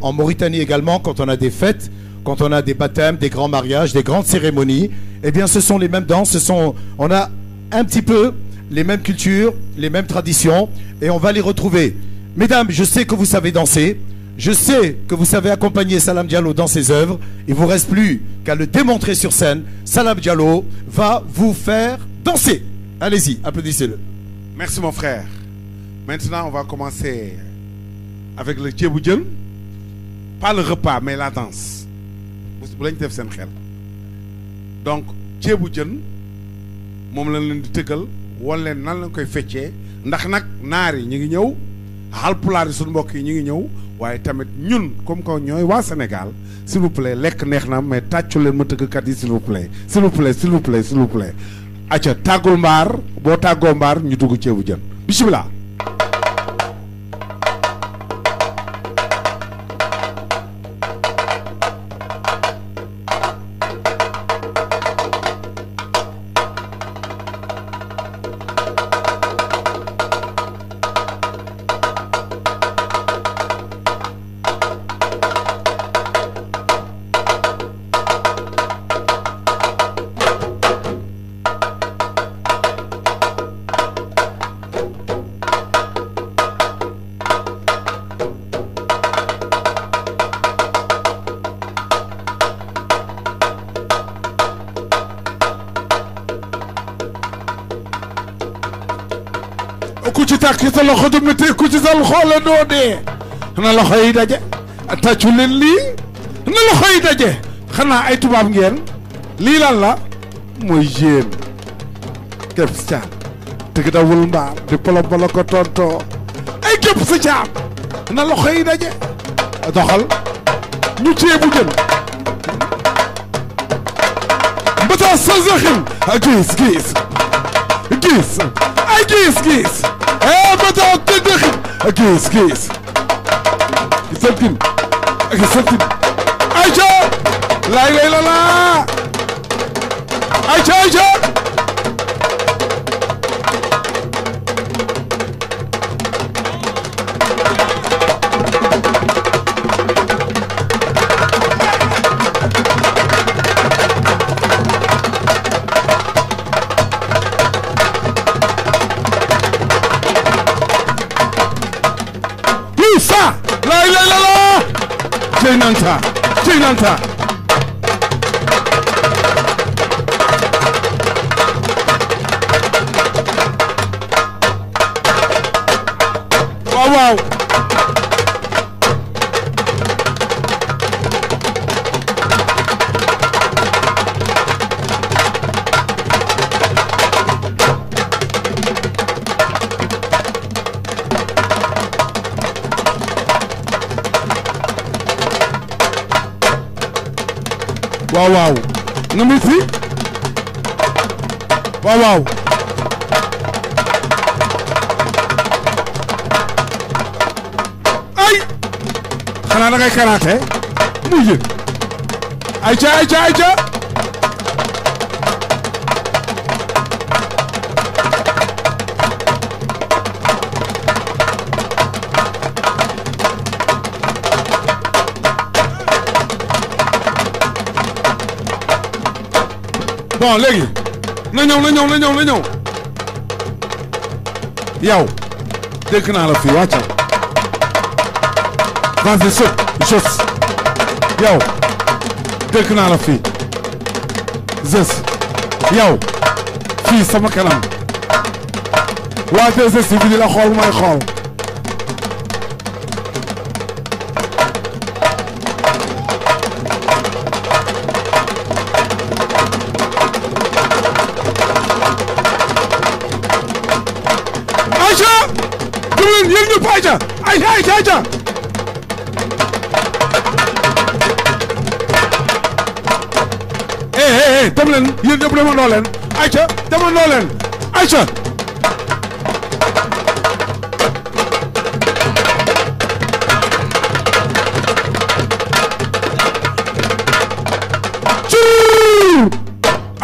En Mauritanie également, quand on a des fêtes, quand on a des baptêmes, des grands mariages, des grandes cérémonies, eh ce sont les mêmes danses. on a un petit peu les mêmes cultures, les mêmes traditions, et on va les retrouver. Mesdames, je sais que vous savez danser. Je sais que vous savez accompagner Salam Diallo dans ses œuvres. Il vous reste plus qu'à le démontrer sur scène. Salam Diallo va vous faire danser. Allez-y, applaudissez-le. Merci mon pas le mais la danse bu lañ def seen xel donc ceebu jën moom lañ leen di tëggal wan leen nan lañ koy feccee ndax nag naar yi ñu ngi ñëw Haalpulaar yi suñu mbokk yi ñu ngi ñëw waaye tamit ñun comme que ñooy waa Sénégal s'il lekk neex na mais tàccu leen ma tëggkat yi s'il vous plaît s'il vous plaît s'il vous plaît tàggul mbaar boo tàggoo mbaar ñu dugg ceebu jën bisimilah. xoola doo dee na loxo yi daje tàccu lii na loxo daje xanaa ay tubaab ngeen lii lan la mooy jéem képp sa caam tëgg dawul mbaar di polo polo ko tontoo ay na loxo yi daje doxal ñu ceebu jën mbata sa zaxin gis gis gis ay gis gis eh, Kees Kees. Saltine ak Saltine. ayca. laay lay la la. cey nanta cey nanta waaw waaw waaw waaw nga mi si waaw waaw ay xanaa da ngay karaate mujj ayca ayca ayca bon léegi na ñëw na ñëw na ñëw na ñëw dégg naa la fii wàccal vas-y sëb dégg naa la fii zës yow sama kanam waa te yi bi di la xool may xool yéen ñu pay ca ay ay tay ca eh eh, eh dem leen yéen ñëpp demandoo leen ay ca demandoo leen ay ca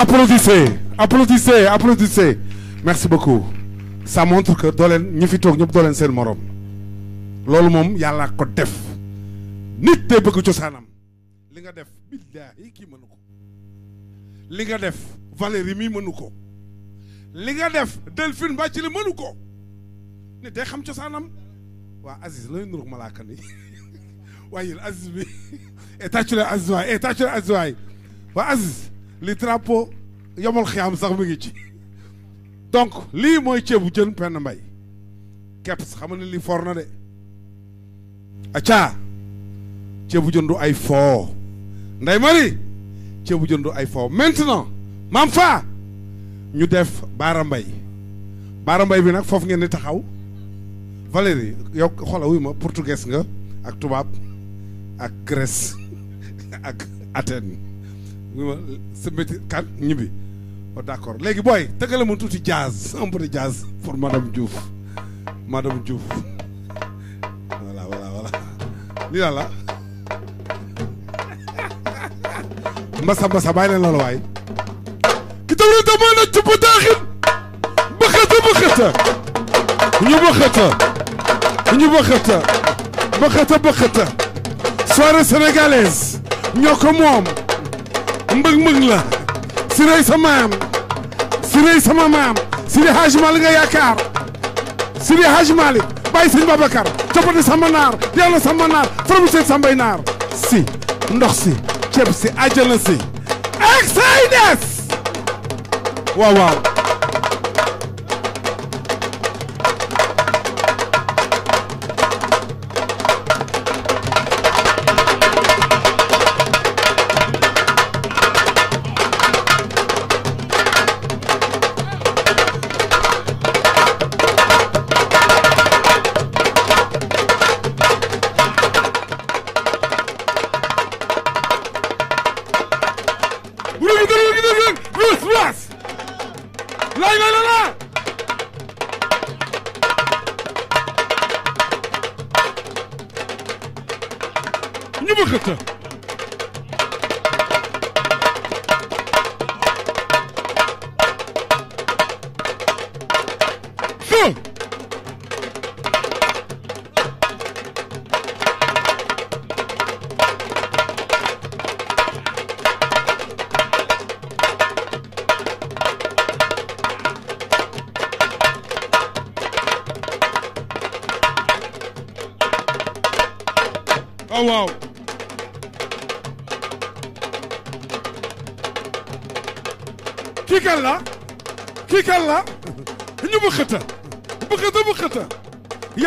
Applaudissez, applaudissez, applaudissez. Merci beaucoup. ça montre que doo leen ñu fi toog ñëpp doo seen morom loolu moom yàlla ko def nit day bëgg cosaanam li nga def billaahi kii mënu ko li nga def Valérie mi mënu ko li nga def Delphine Bathily mënu ko nit day xam cosaanam waa Aziz looy nuru malaaka ni waaye yéen Aziz bi et eh, tàccu la Aziz waay et eh, waa Aziz li drapeau yomul xiyaam sax mu ngi ci donc lii mooy ceebu jën Penda mbay keps xam ne lii for na de acca ceebu jëndu ay foo Ndeye Marie ceebu jëndu ay foo maintenant maam fa ñu def Baara mbay Baara mbay bi nag foofu ngeen di taxaw Valérie yow xoola wuy ma portugais nga ak tubaab ak Grèce ak Athènes wuy ma kan ñibbi oh d' accord léegi booy tuuti jazz un peu de jazz pour madame Diouf madame Diouf voilà voilà voilà lii daal mbasa mbasa bàyyi leen loolu waay ki tamit dama na ci bataaxin bëxëta bëxëta ñu bëxëta ñu bëxëta bëxëta bëxëta soirée sénégalaise ñoo moom mbëg mbëg la si sa maam sëriñ sama maam Sidi Hadj Malick nga yaakaar Sidi Hadj Malick bàyyi sëñ Babacar coppati sama naar yàlla sama naar faram seen sambay naar si ndox si ceeb si àjjana si ak say waaw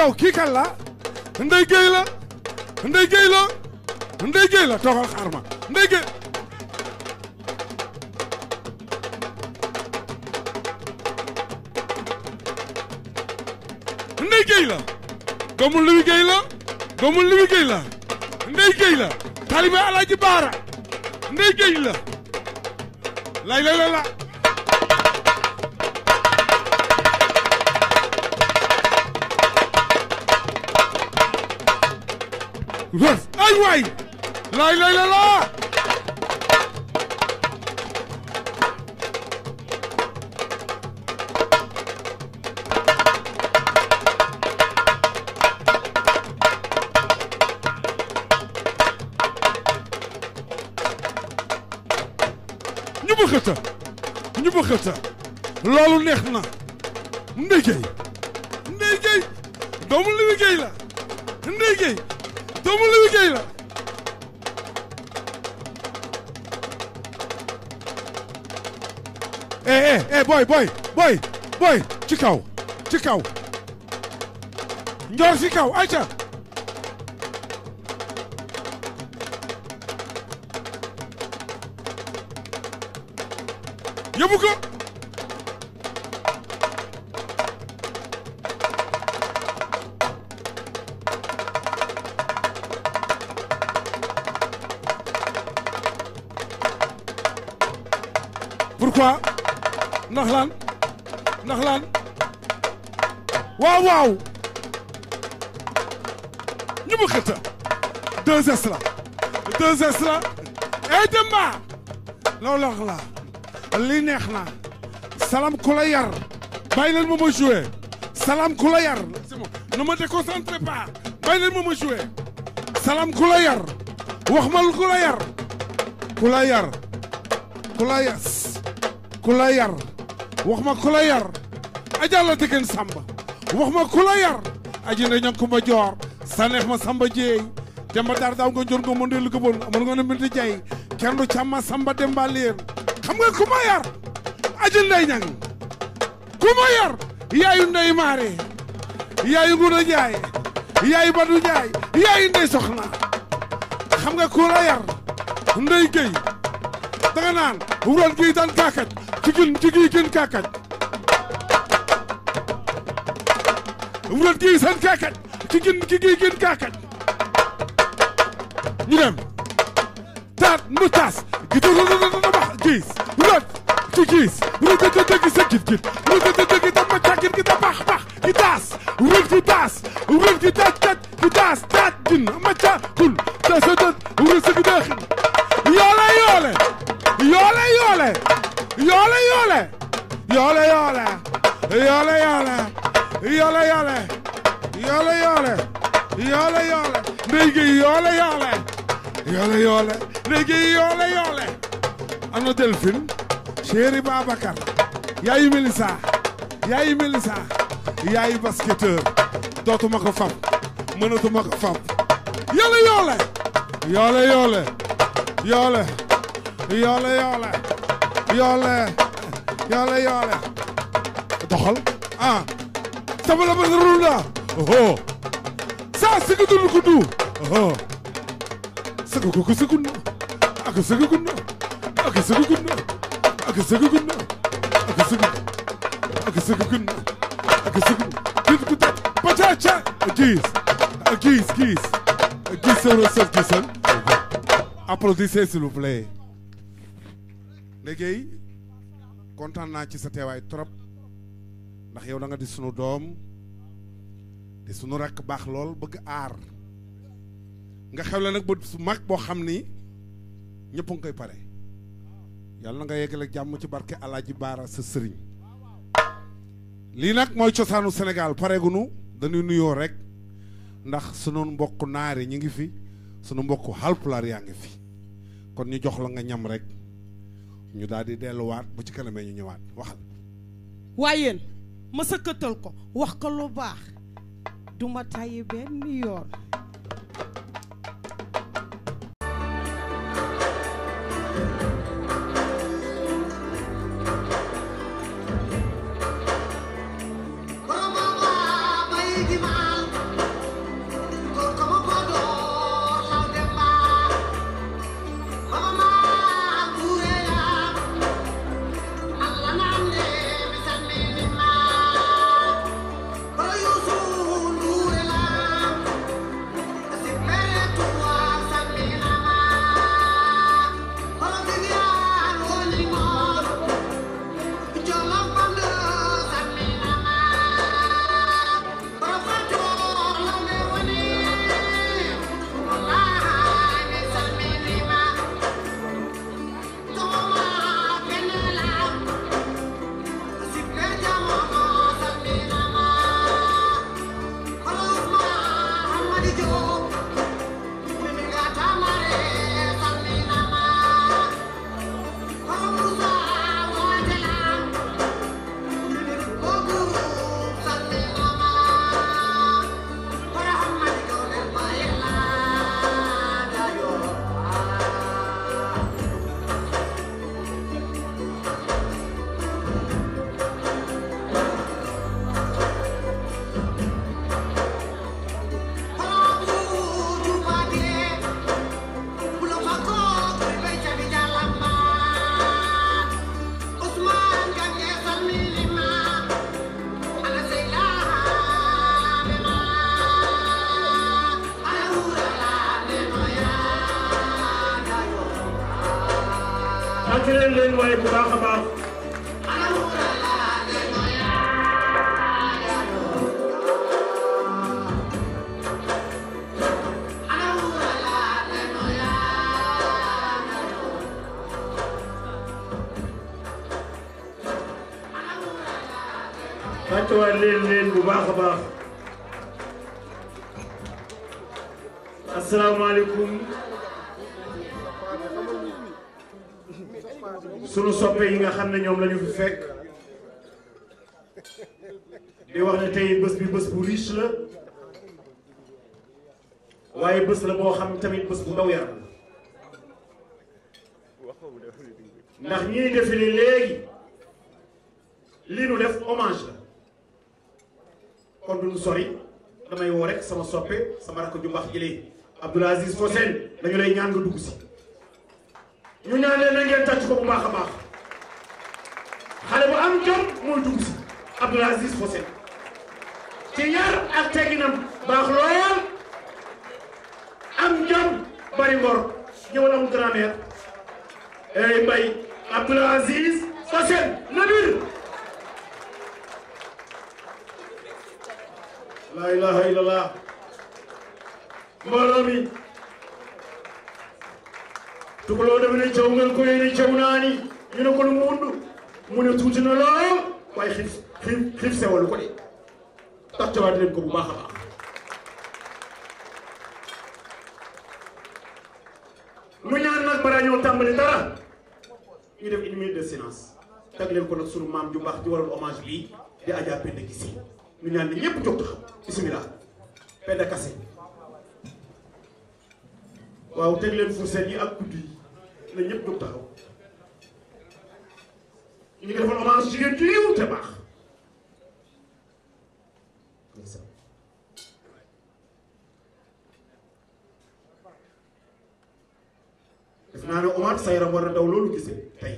yow kii kan la Ndeye Gueye la Ndeye la Ndeye la toogal xaar ma Ndeye Gueye Ndeye Gueye la doomu Louis Gueye la doomu Louis Gueye la Alaaji Baara Ndeye Gueye la lay la wës ay waay laay lay la laa ñu bëggata ñu bëggata loolu neex na ndéy géey ndéy géey doomu li liggéey la ndéy géey doomu Lewi Gueye la eh, eh, eh, boy boy boy boy ci kaw ci ci kaw ayca deux S la deux la ey li neex na salaam ku la yar bàyyi leen ma ma joué salaam ku la yar ne me déconcentre pas bàyyi leen ma ma joué salaam ku la yar wax ma ku la yar ku la yar ku la yas ku la yar wax ma ku la yar ajalla dëggan samba wax ma ku la yar aji nda ñanko ma sa neex ma samba jeey demba daar daaw nga jor nga mo ndelu ko bon amon nga mbinti jay kendu càmma samba demba leer xam nga ku yar ajul ndey ñang yar yaayu ndey maare yaayu nguna jaay jaay yaayu ndey soxna xam nga ku yar ndey gey danga naan wuran tan kakaj jigin jigi gin kakaj wuran gey san kakaj jigin jigi ñu dem taat mu tas gi du ru ru ru bax giis rot ci giis ru da da gi sa git git ru da da gi da ma càkkit gi da bax bax gi taas wër gi taas wër gi taat taat gi taas taat gin ma ca dul da sa dat ru sa gi daaxin yoole yoole yoole yoole yoole yoole yoole yoole yoole yoole yoole yoole yoole yoole yoole yoole ndey gi yoole yoole yoole yoole léegi yoole yoole ano Delphine chéri Babacar yaayu Melissa yaayu Melissa yaayu basketteur dootuma ko fab mënatuma ko fab yoole yoole yoole yoole yoole yoole yoole yoole yoole yoole doxal ah sabala ba sa runda oho saa si ko dund oh. sëggugu sëggun na ak sëggugun na ak sëggugun na ak sëggugun na ak sëggugun ak sëggugun na ak sëggugun gis ku tàpp pacaca gis gis gis gis sëro sëf gisal applaudissez s'il vous plaît léegi kontaan naa ci sa teewaay trop ndax yow da di sunu doom di sunu rakk baax lool bëgg aar nga xewle nag su mag boo xam ni ñëpp a ngi koy pare yàlla na nga yeggale jàmm ci barke ji Baara sa sëriñ lii nag mooy cosaanu senegaal Sénégal pareegunu dañuy nuyoo rek ndax sunu mbokk naari ñu ngi fi sunu mbokk halpulaar yaa ngi fi kon ñu jox la nga ñam rek ñu daal di delluwaat bu ci kanamee ñu ñëwaat waxal waaye ma sëkkatal ko wax ko lu baax duma tàyyi benn yoon Thank you. tamit bés bu ndaw yaram ndax ñiy défilé léegi li nu def hommage la kon duñu sori damay woo sama soppe sama rakk ju mbax jëlee Abdoul Aziz Fosen dañu lay ñaan nga dugg si ñu ñaanee na ngeen tàcc ko bu baax a baax xale am jom mooy dugg si Fosen ci yar ak tegginam baax lool am jom bari ngor ñëwal am grand-mère ey mbay Abdoul Aziz Fassel Nabil la ilaha illallah mbooloo mi tukuloo dama ko yéene jaw naa ni ñu mu wund mu ne tuuti na lool waaye xiif xiif ko de taxtawaat leen ko bu baax a baax nag balaa ñoo tàmbali dara ñu def une minute de silence tag leen ko nag sunu maam ju baax di waral hommage bii di Adja Penda Guissé ñu ñaan ne ñëpp jóg taxaw bisimilah Penda Kassé waaw teg leen fourchette yi ak kuddu yi na ñëpp jóg taxaw ñu ngi defal hommage jigéen ju yiw te baax. sa yaram war a daw loolu gisee tey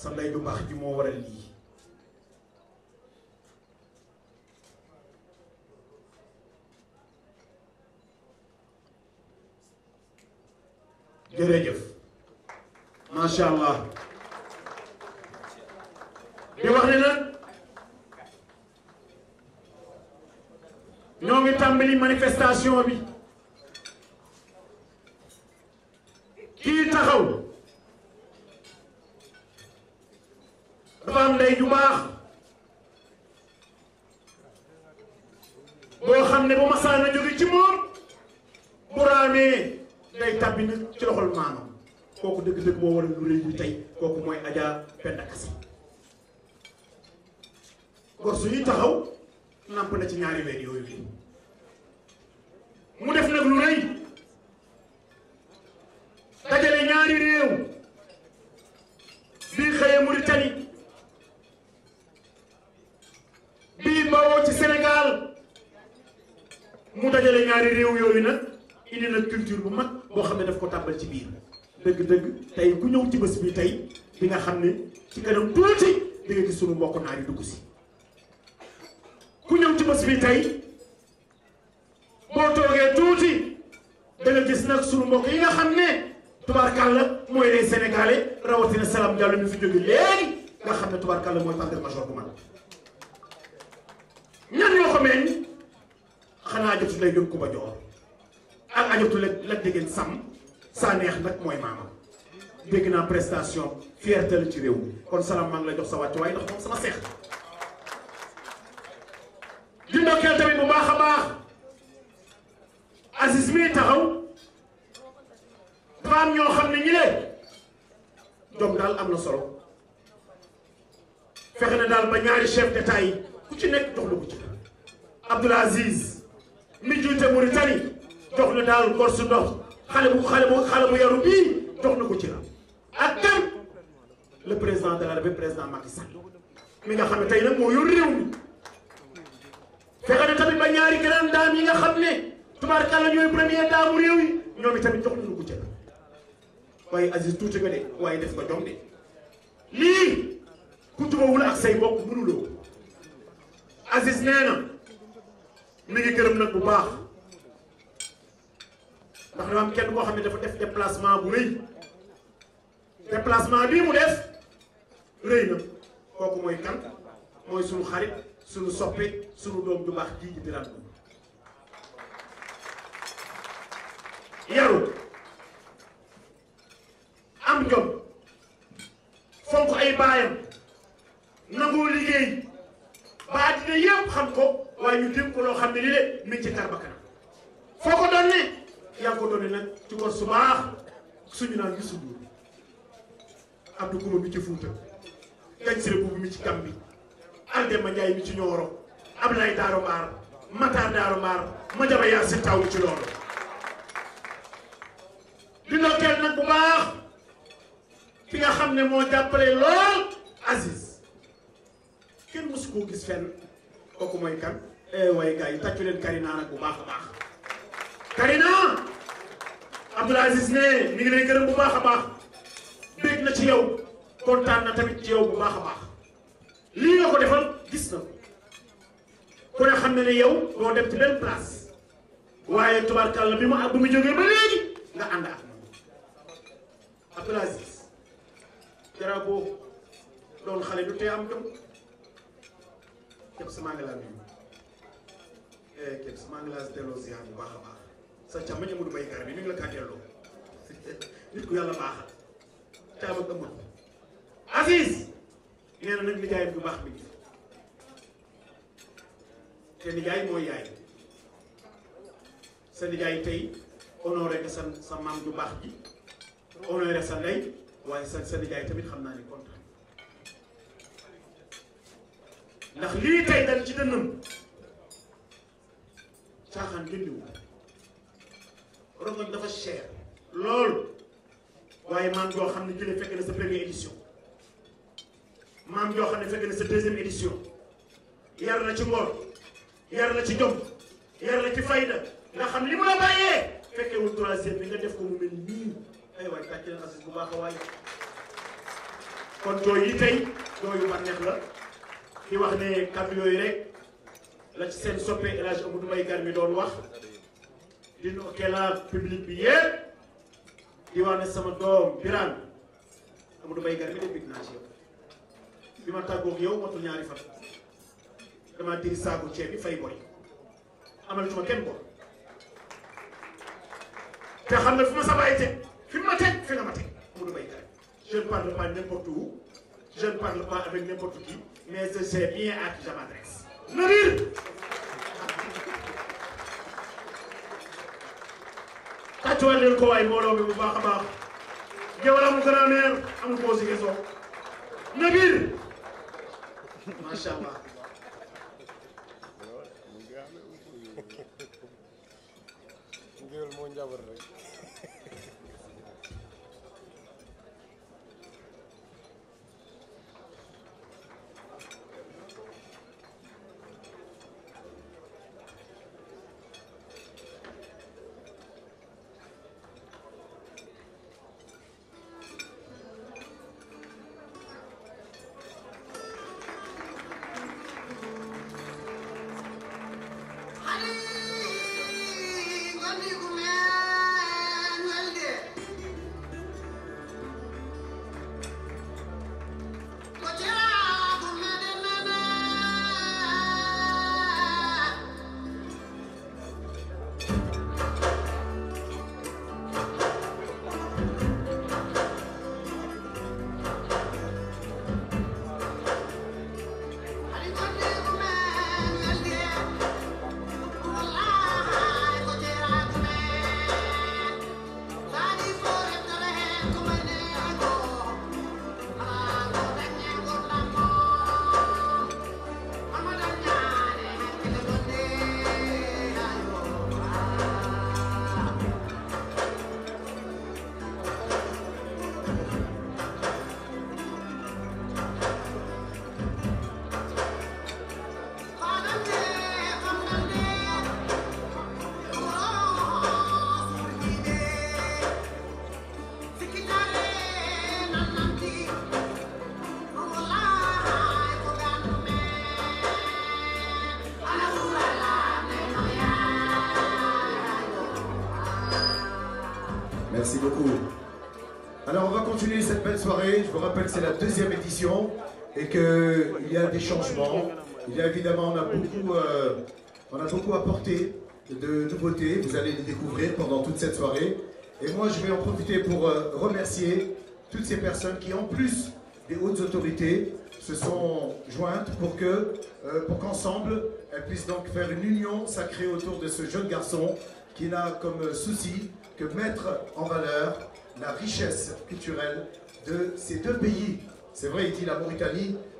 sa ndey ji moo waral lii jërëjëf macha allah wax ne nag ñoo ngi tàmbali manifestation tubaarkàlla mooy tàngal major bu mag ñan ñoo xamee xanaa ajatu lay jóg ku ba joor ak ajatu la la déggeen sàmm saa neex nag mooy maamam dégg naa prestation fierté sa wàccuwaay seex di ndokkeel tamit bu baax a baax Aziz mii taxaw dafa ñoo xam ne ñi leen daal am na solo fexe na daal ba ñaari chef d'état ku ci nekk jox la ko ci Abdoul Aziz mi jiite Mauritanie jox na daal gor su ndox xale bu xale bu xale bu yaru bii jox na ko ci la ak kan président de la République président Macky mi nga xam ne tey nag moo yor réew mi fexe na tamit ba ñaari grande dame yi nga xam ne tubaarkàlla ñooy première dame réew yi ñoom itamit jox nañu ko ci la waaye Aziz tuuti nga de waaye def nga jom de lii. ku jubawul ak say bokk mënuloo Aziz nee na mi ngi gërëm nag bu baax ndax dafa am kenn koo xam ne dafa def déplacement bu rëy déplacement bii mu def rëy na kooku mooy kan mooy sunu xarit sunu soppe sunu doom ju baax jii ji biran yaru am jom fonk ay baayam nangoo liggéey ba àddina yëpp xam ko waaye ñu dénk ko loo xam ne lii de mi ngi ci tarba kanam foo ko doon ne yaa ngi ko doon ne nag ci góor su suñu naan gisul woon Abdou Kouma mi ci Fuuta Gañ Sire Buubu mi ci Gàmbi Aldemba mi ci Ñooro Ablaye Daaro Mbaar nag bu baax ki nga xam ne moo jàppale lool Aziz kenn mësu koo gis fenn kooku mooy kan eh waaye gars yi tàccu leen Karina nag bu baax a baax. Karina Abdoul Aziz ne mi lay gërëm bu baax a baax ci yow tamit ci bu baax lii nga ko defal xam ne ne yow doo dem ci benn place waaye tubaarkàlla bi mu ak bu mu jógee ba léegi nga ànd ak moom Abdoul Aziz Dara doon xale du tee am jom. képp si maa ngi laa nuyu eh, képp si maa ngi laa delloo bu baax a baax sa càmm bi ñu ngi la ak ëmb Aziz nee na nag nijaayam bu baax bi te nijaay mooy yaay sa nijaay tey honoré nga sa sa ju baax ji honoré sa ndey waaye sa sa tamit xam naa ni kontaan ndax lii tey dal ci dënnam caaxaan dundiwu rongoñ dafa cher lool waaye maam joo xam ne jële fekk na sa première édition maam joo xam ne fekk na sa deuxième édition yar na ci ngor yar la ci jom yar na ci fayda nga xam li mu la bàyyee fekkee wul troisième bi nga def ko mu mel nii ay waay tàcc na asis bu baax la di wax ne kàddu yooyu rek la ci seen soppe El Hadj Amadou Mbaye Gar doon wax di ndokkelaat public bi yépp di wax ne sama doom Birane Amadou Mbaye Gar mi de bég naa ci yow bi ma tàggoog yow matul ñaari fan damaa diri saaku ceeb fay boy amal suma kenn bor te xam ne fu ma sa bàyyi teg fi ma teg fi nga ma teg Amadou Mbaye Gar je ne parle pas n'importe où je ne parle avec n'importe qui mais je sais bien à qui je m'adresse. Nadir tàccuwaat leen ko waay mbooloo mi bu baax a baax Géwal amul grand-mère amul koo si geso Nadir macha allah Géwal moo njabar rek soirée. Je vous rappelle que c'est la deuxième édition et qu'il y a des changements. Il y a évidemment, on a beaucoup, euh, on a beaucoup apporté de nouveautés. Vous allez les découvrir pendant toute cette soirée. Et moi, je vais en profiter pour euh, remercier toutes ces personnes qui, en plus des hautes autorités, se sont jointes euh, pour qu'ensemble, elles puissent donc faire une union sacrée autour de ce jeune garçon qui n'a comme souci que mettre en valeur la richesse culturelle de ces deux pays. C'est vrai, il dit la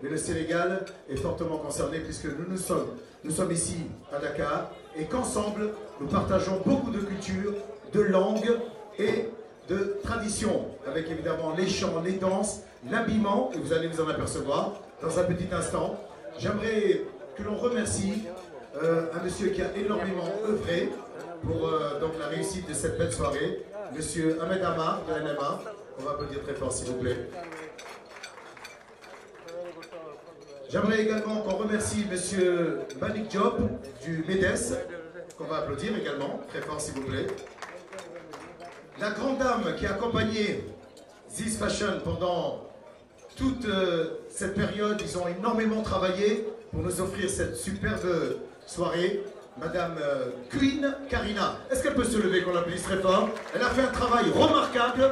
mais le Sénégal est fortement concerné puisque nous nous sommes, ici à Dakar et qu'ensemble, nous partageons beaucoup de cultures, de langues et de traditions, avec évidemment les chants, les danses, l'habillement, et vous allez vous en apercevoir dans un petit instant. J'aimerais que l'on remercie euh, un monsieur qui a énormément œuvré pour euh, la réussite de cette belle soirée, monsieur Ahmed Amar de NMA, On va J'aimerais également qu'on remercie M. Malik Diop du MEDES, qu'on va applaudir également, très fort, s'il vous plaît. La grande dame qui a accompagné Ziz Fashion pendant toute euh, cette période, ils ont énormément travaillé pour nous offrir cette superbe soirée. Madame euh, Queen Karina, est-ce qu'elle peut se lever qu'on l'applaudisse très fort Elle a fait un travail remarquable.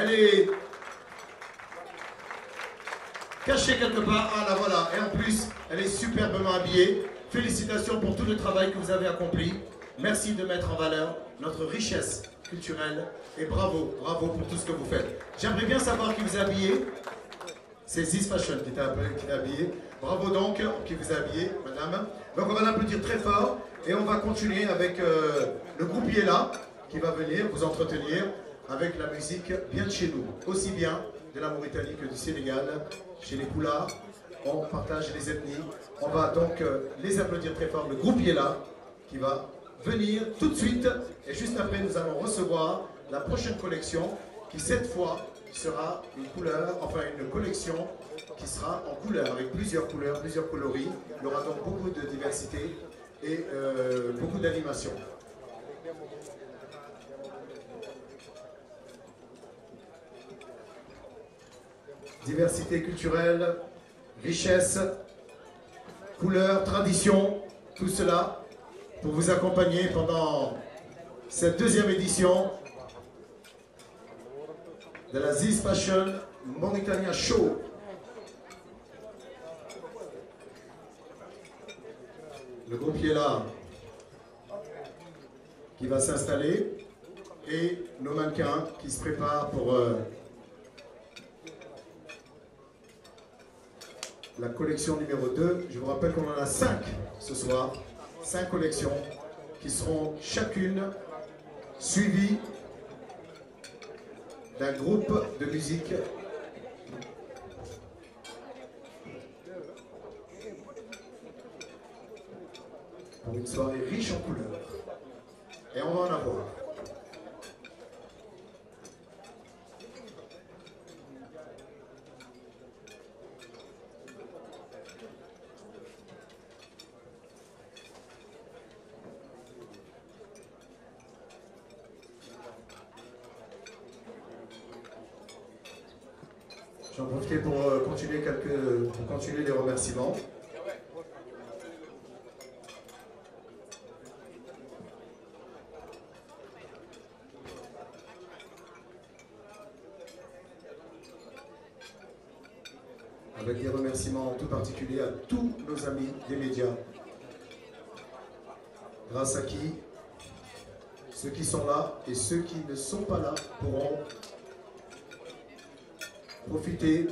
Elle est cachée quelque part. Ah là voilà. Et en plus, elle est superbement habillée. Félicitations pour tout le travail que vous avez accompli. Merci de mettre en valeur notre richesse culturelle et bravo, pour tout ce que vous faites. J'aimerais bien savoir qui vous a C'est Ziz Fashion qui t'a habillé. Bravo donc qui vous a madame. on va l'applaudir très fort et on va continuer avec euh, le groupier là qui va venir vous entretenir. avec la musique bien de chez nous, aussi bien de la Mauritanie que du Sénégal. Chez les Poulards, on partage les ethnies. On va donc euh, les applaudir très fort. Le groupe Yela qui va venir tout de suite. Et juste après, nous allons recevoir la prochaine collection qui, cette fois, sera une couleur, enfin une collection qui sera en couleur, avec plusieurs couleurs, plusieurs coloris. Il aura donc beaucoup de diversité et euh, beaucoup d'animation. diversité culturelle, richesse, couleurs, traditions, tout cela pour vous accompagner pendant cette deuxième édition Le groupe qui qui va s'installer, et nos mannequins qui se préparent pour... Euh, la collection numéro Je vous rappelle qu'on a 5 ce soir, 5 collections qui seront chacune suivies d'un groupe de musique pour une soirée riche en couleurs. Et on va en avoir. continuer, quelques, pour continuer les remerciements. Avec des remerciements tout particuliers à tous nos amis des médias, grâce à qui ceux qui sont là et ceux qui ne sont pas là pourront profiter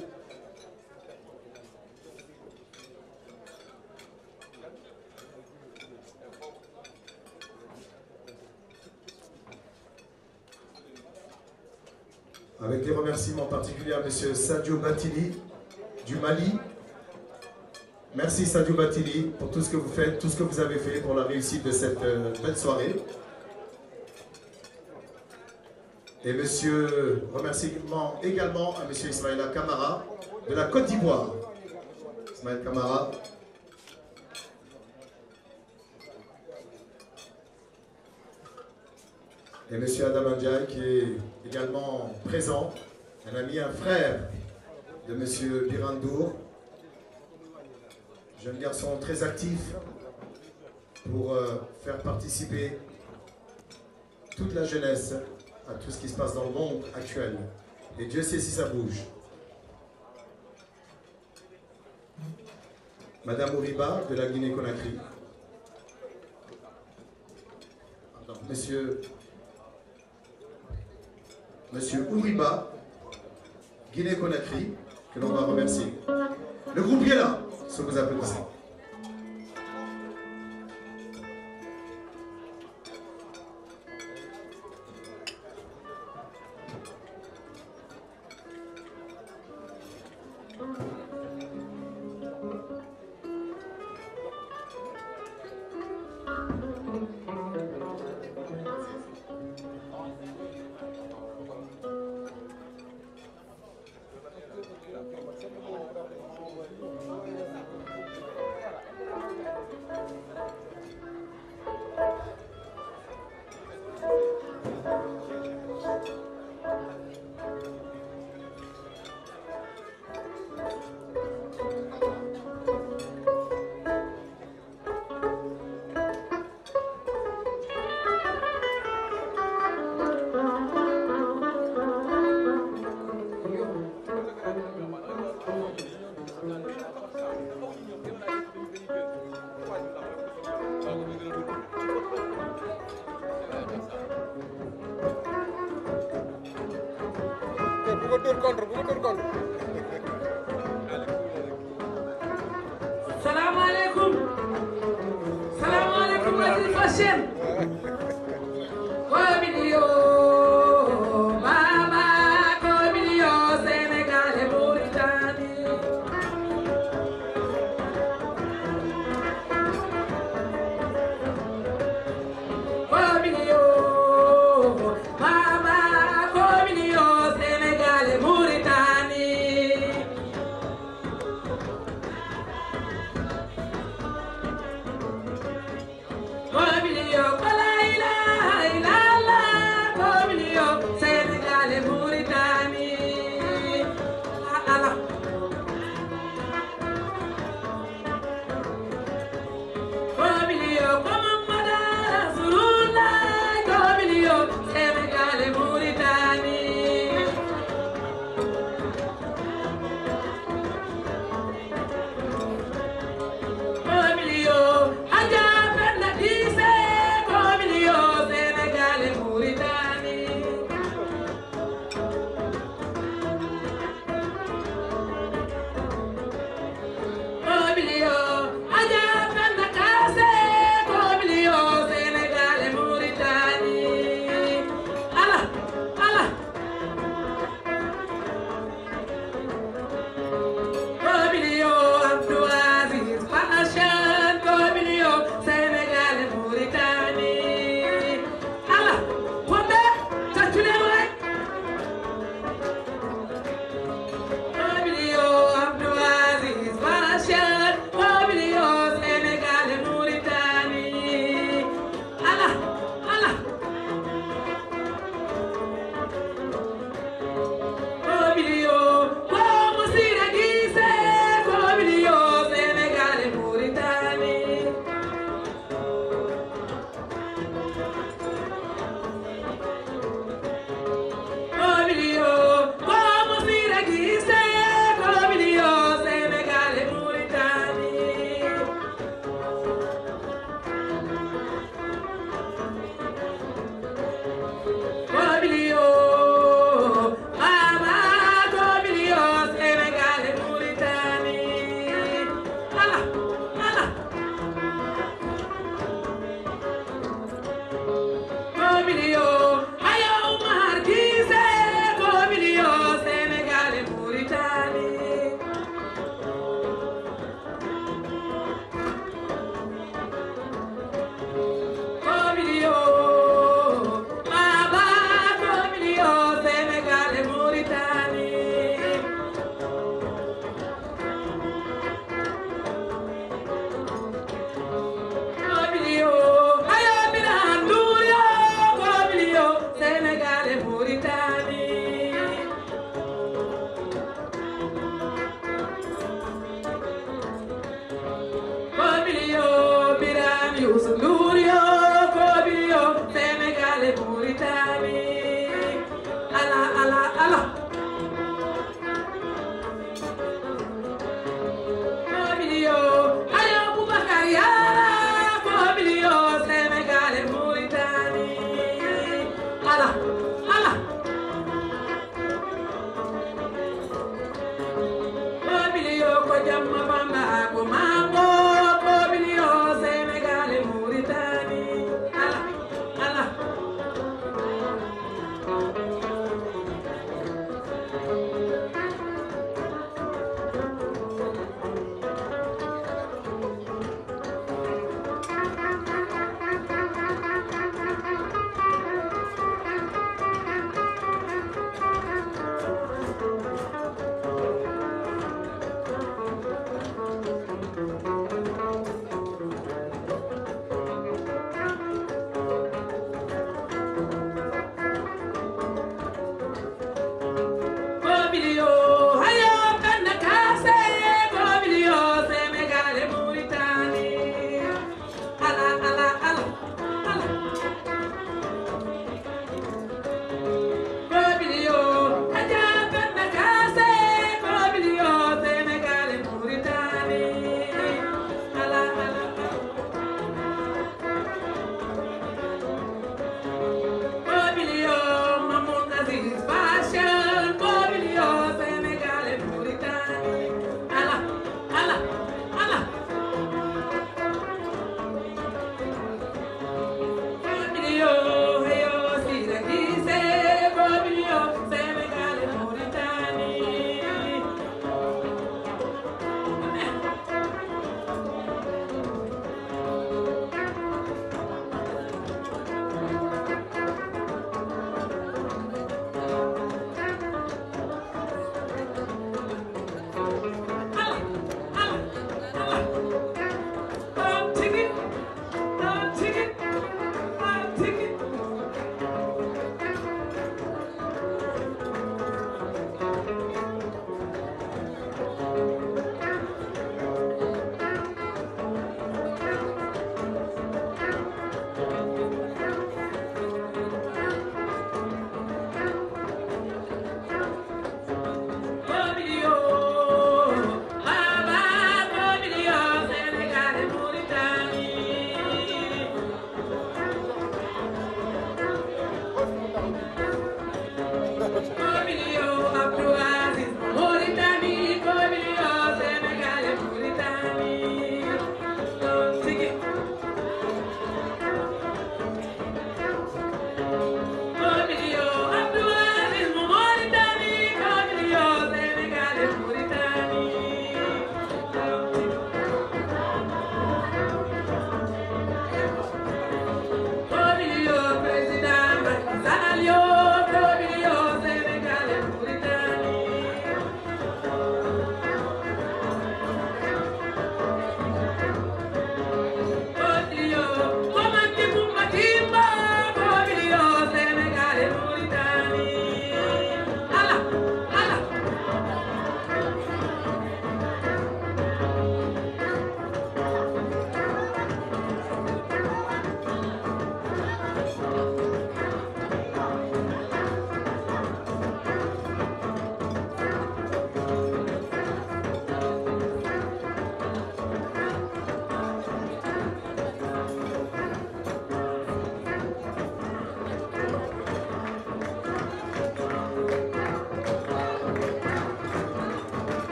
Avec des remerciements particuliers à Sadio Batili du Mali. Merci Sadio Batili pour tout ce que vous faites, tout ce que vous avez fait pour la réussite de cette euh, belle soirée. Et monsieur, remerciements également à monsieur Ismaïla Kamara de la Côte d'Ivoire. Ismaël Kamara, et M. Adam Ndiaye qui est également présent, un ami, un frère de M. Birandour, jeune garçon très actif pour euh, faire participer toute la jeunesse à tout ce qui se passe dans le monde actuel. Et Dieu sait si ça bouge. Madame Oriba de la Guinée-Conakry. Monsieur Monsieur Ouriba, Guinée-Conakry, que l'on va remercier. Le groupe est là, si vous applaudissez.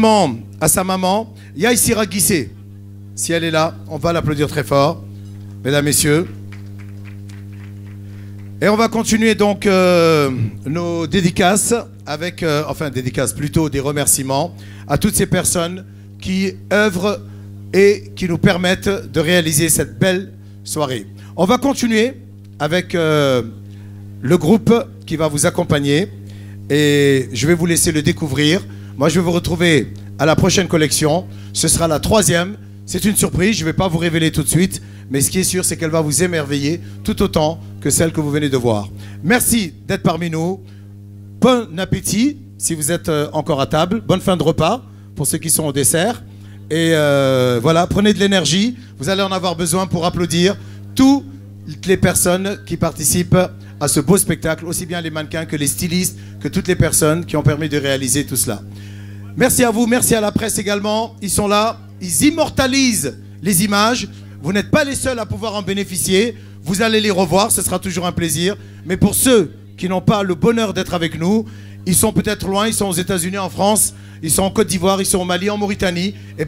également à sa maman, Yaïsira Guissé. Si elle est là, on va l'applaudir très fort, mesdames, messieurs. Et on va continuer donc euh, nos dédicaces avec, euh, enfin dédicaces plutôt, des remerciements à toutes ces personnes qui œuvrent et qui nous permettent de réaliser cette belle soirée. On va continuer avec euh, le groupe qui va vous accompagner et je vais vous laisser le découvrir. Moi, je vais vous retrouver à la prochaine collection. Ce sera la troisième. C'est une surprise, je ne vais pas vous révéler tout de suite, mais ce qui est sûr, c'est qu'elle va vous émerveiller tout autant que celle que vous venez de voir. Merci d'être parmi nous. Bon appétit si vous êtes euh, encore à table. Bonne fin de repas pour ceux qui sont au dessert. Et euh, voilà, prenez de l'énergie. Vous allez en avoir besoin pour applaudir toutes les personnes qui participent à ce beau spectacle, aussi bien les mannequins que les stylistes, que toutes les personnes qui ont permis de réaliser tout cela. Merci à vous, merci à la presse également. Ils sont là, ils immortalisent les images. Vous n'êtes pas les seuls à pouvoir en bénéficier. Vous allez les revoir, ce sera toujours un plaisir. Mais pour ceux qui n'ont pas le bonheur d'être avec nous, ils sont peut-être loin, ils sont aux États-Unis, en France, ils sont en Côte d'Ivoire, ils sont au Mali, eh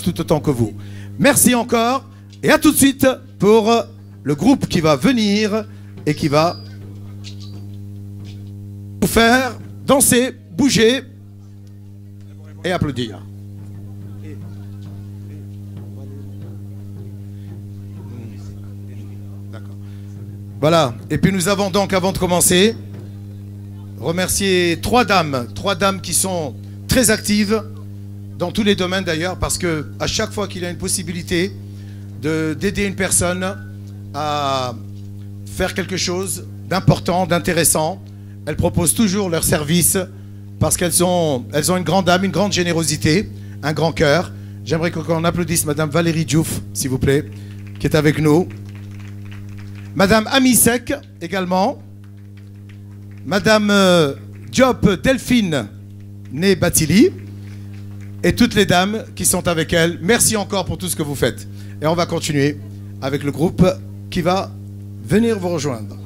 tout autant Et à tout de suite pour le groupe qui va venir et qui va vous faire danser, bouger et applaudir. Voilà, et puis nous avons donc, avant de commencer, remercier trois dames, trois dames qui sont très actives dans tous les domaines d'ailleurs, parce que à chaque fois qu'il y a une possibilité, d'aider une personne à faire quelque chose d'important, d'intéressant. Elles proposent toujours leur service parce qu'elles ont, elles ont une grande âme, une grande générosité, un grand cœur. J'aimerais qu'on applaudisse Madame Valérie Diouf, s'il vous plaît, qui est avec nous. Madame Amisek également. Madame euh, Diop Delphine, née Batili. Et toutes les dames qui sont avec elle. Merci encore pour tout ce que vous faites. Et on va continuer avec le groupe qui va venir vous rejoindre.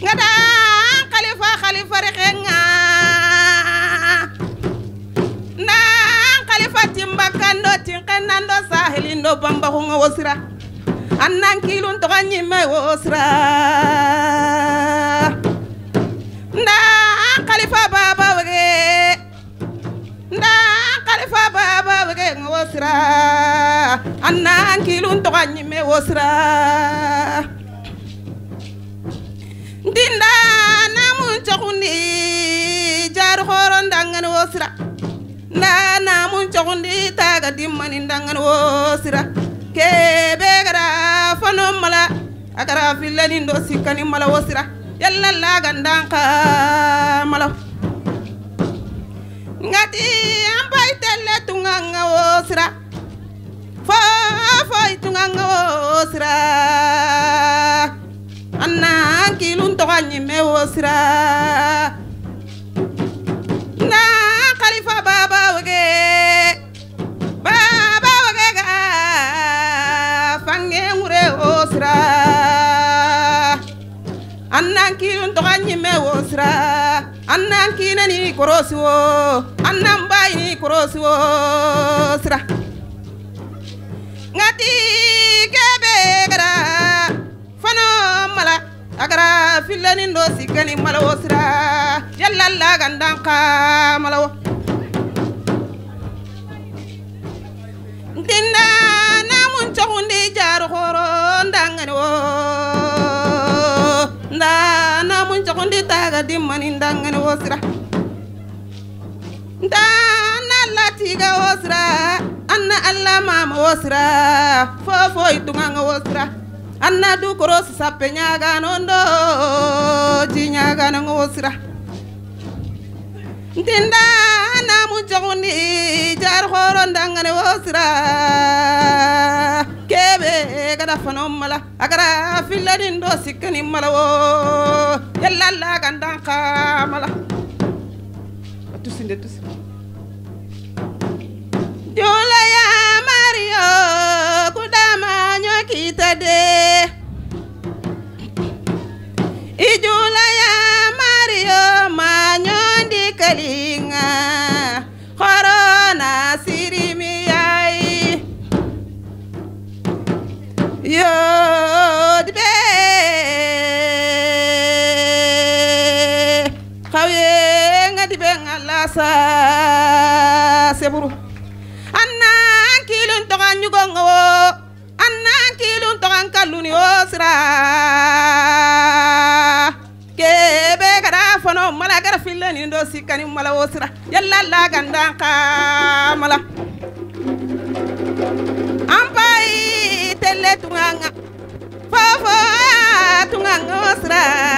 nga daa xalifa xalifa rexe nga ndaa xalifa timbakando tinkenando sahilindo bambaxunga wosira an nan kilun toxa ñimme wosira ndaa xalifa baba wege ndaa xalifa baba wege nga wosira an nan kilun toxa ñimme wosira ndinda namun cokundi jaar horon dangan wo sira nda namun cokundi taga dimmani dangan wo sira kebe gara fano mala agara fillani do sikkani mala wo sira yalla lagan danka mala ngati ambay telle tunganga wo sira fo foy tunganga wo sira annaan kiilun toxan ñimme wo sira na xalifa baaba woge baaba woge ga fange ŋure wo sira annaan kiilun toxan ñimme wo sira annaan kiinani korosi wo annaan mbayini korosi wo sira ngati kebe gara agara fillanin ɗo sikkani malawo sira yallallagan danka malawo ndinna namun cohundi jaru horo dangani wo nda namun cohundi taga dimmani dangani wo sira nda nalla tiga wo sira anna allah mama wo sira fofo ituganga wo sira anna du korosi sappe ñagano on ɗo ji ñagano ngo wosira ndinda namu jogundi jar horo dangane wosira keɓe gaɗa fanon mala agara fillaɗin ɗo sikkanin mala wo yallalla gandan ka mala tusinde tusi jolaya mario kudama ñokitade sa seburu annan kilun tokan nyugon o annan kilun tokan kalluni o sira kebe kada fono mala gara fillani do sikkani mala o sira yalla la gandan ka mala le tunganga fofo tunganga osra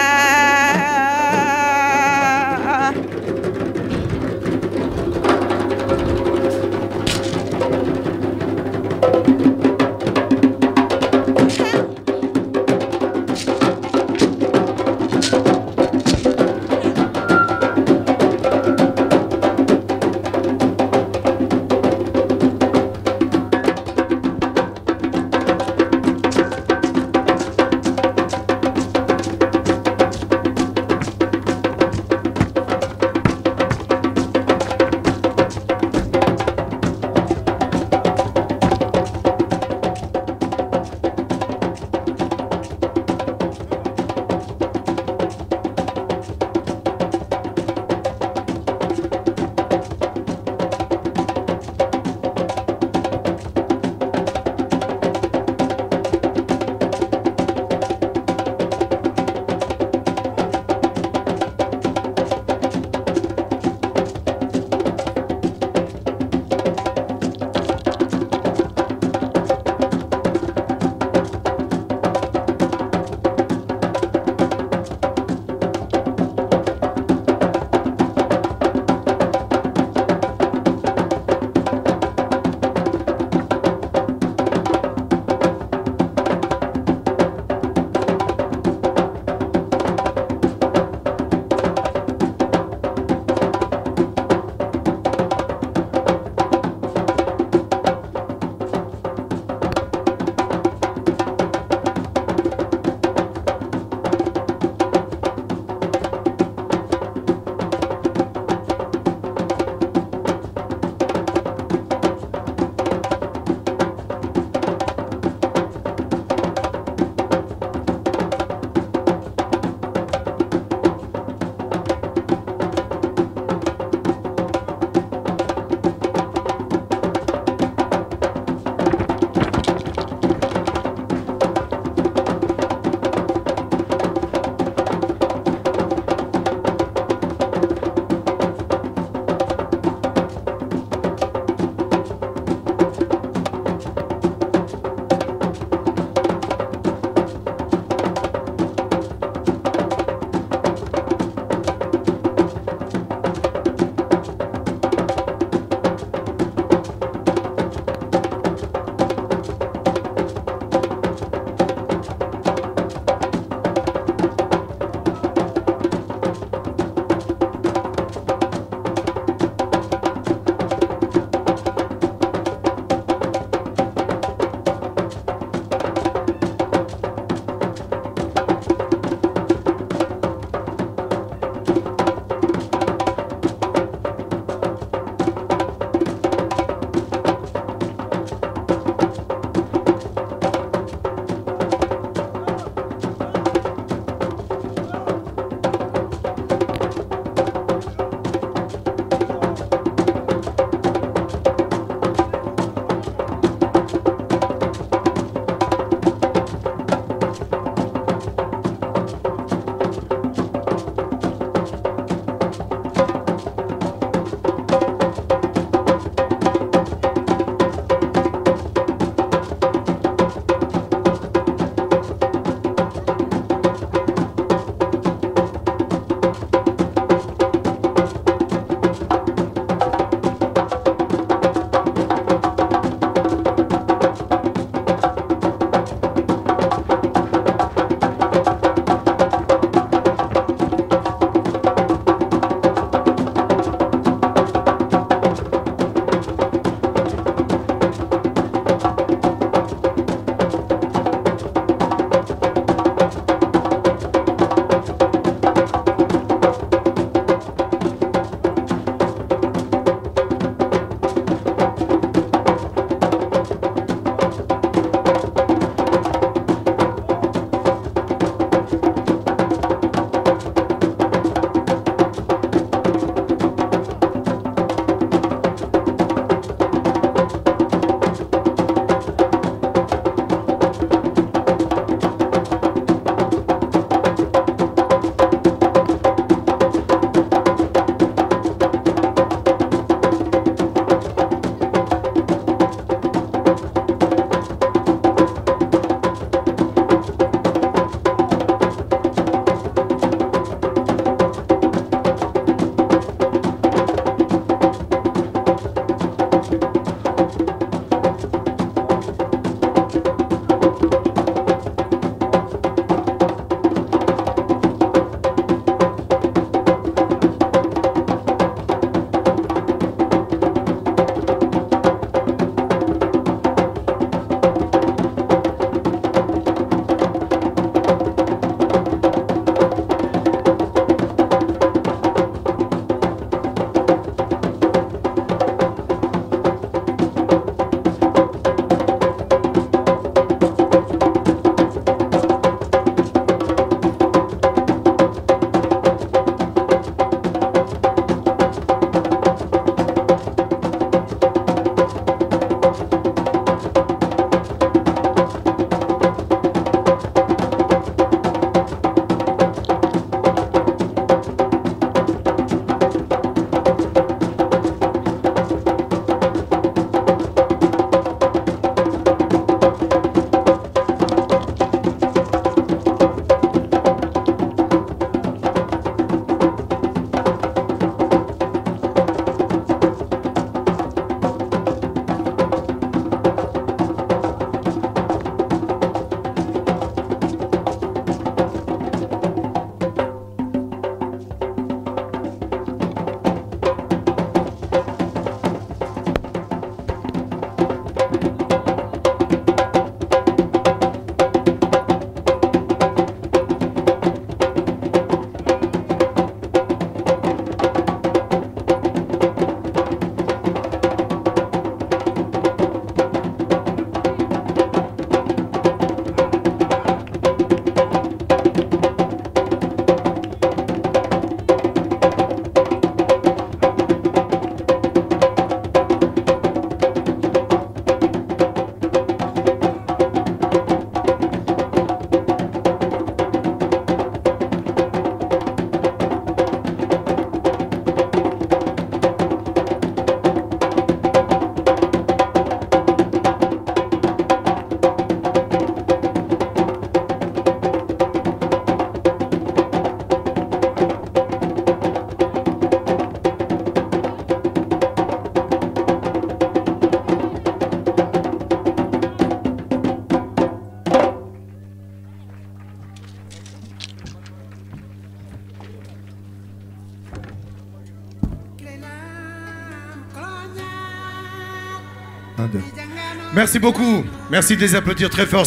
Merci beaucoup. de les applaudir très fort,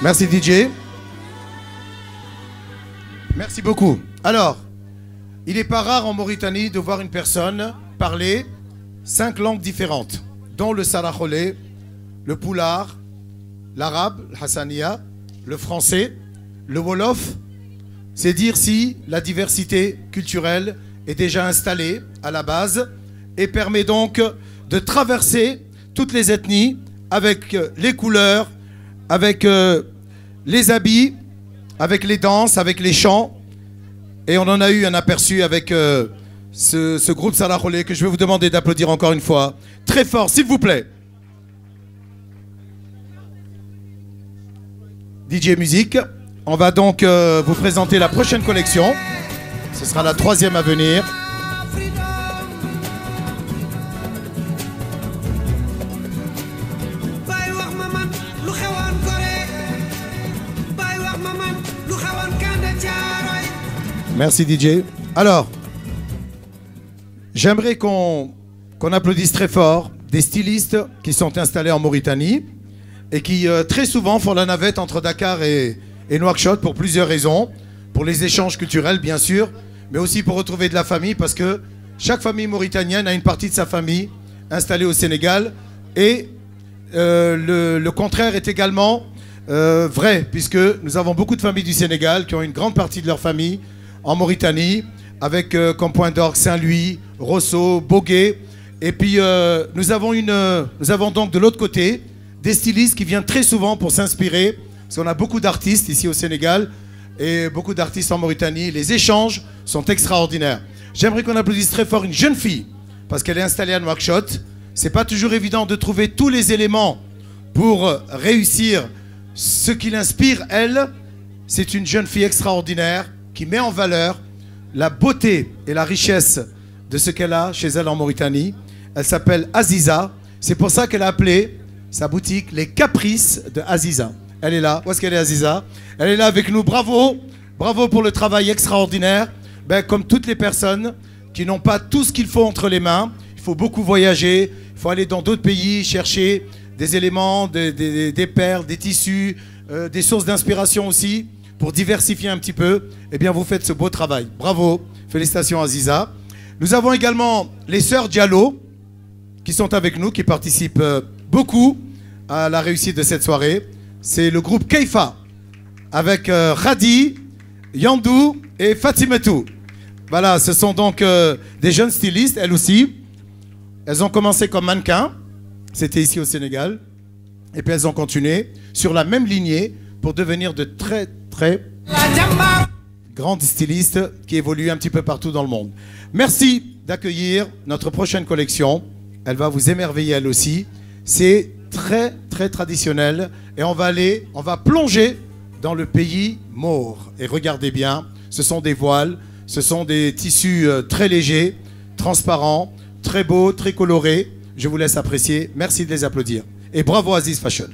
Merci beaucoup. Alors, il n'est pas rare en Mauritanie de voir une personne parler cinq langues différentes, dont le salakholé, le poulard, l'arabe, le hassania, le français, le wolof. C'est dire si la diversité culturelle est déjà installée à la base et permet donc de traverser toutes les ethnies avec euh, les couleurs, avec euh, les habits, avec les danses, avec les chants. Et on en a eu un aperçu avec euh, ce, ce, groupe Sarahole que je vais vous demander d'applaudir encore une fois. Très fort, s'il vous plaît. DJ Musique, on va donc euh, vous présenter la prochaine collection. Ce sera la troisième à venir. Merci DJ. Alors, j'aimerais qu'on qu applaudisse très fort des stylistes qui sont installés en Mauritanie et qui euh, très souvent font la navette entre Dakar et, et Nouakchott pour plusieurs raisons. Pour les échanges culturels, bien sûr, mais aussi pour retrouver de la famille parce que chaque famille mauritanienne a une partie de sa famille installée au Sénégal et euh, le, le, contraire est également euh, vrai puisque nous avons beaucoup de familles du Sénégal qui en Mauritanie, avec euh, comme point d'orgue Saint-Louis, Rosso, Bogué. Et puis euh, euh, nous, avons donc de l'autre côté des stylistes qui viennent très souvent pour s'inspirer, parce qu'on a beaucoup d'artistes ici au Sénégal et beaucoup d'artistes en Mauritanie. Les échanges sont extraordinaires. J'aimerais qu'on applaudisse très fort une jeune fille, parce qu'elle est installée à Nouakchott. C'est pas toujours évident de trouver tous les éléments pour euh, réussir ce qui une jeune fille extraordinaire, qui met en valeur la beauté et la richesse de ce qu'elle a chez elle en Mauritanie. Elle s'appelle Aziza. C'est pour ça qu'elle a appelé sa boutique Les Caprices de Aziza. Elle est là. Où est-ce qu'elle est, Aziza Elle est là avec nous. Bravo pour le travail extraordinaire. comme toutes les personnes qui n'ont pas tout ce qu'il faut entre les mains, il faut beaucoup voyager, il faut aller dans d'autres pays chercher des éléments, des, perles, des tissus, euh, des sources pour diversifier un petit peu, eh bien vous faites ce beau travail. Bravo, félicitations Aziza. Nous avons également les sœurs Diallo qui sont avec nous, qui participent euh, beaucoup à la réussite de cette soirée. C'est le groupe Keifa avec euh, Khadi, Yandou et Fatimatou. Voilà, ce sont donc euh, des jeunes stylistes, elles aussi. Elles ont commencé comme mannequins, c'était ici au Sénégal, et puis elles ont continué sur la même lignée pour devenir de très grande styliste qui évolue un petit peu partout dans le monde. Merci d'accueillir notre prochaine collection. Elle va vous émerveiller elle aussi. C'est très très traditionnel et on va aller, plonger dans le pays maure. Et regardez bien, ce sont des voiles, ce sont des tissus euh, très légers, transparents, très beaux, très colorés. Je vous laisse apprécier. Merci de les applaudir. Et bravo Aziz Fashion.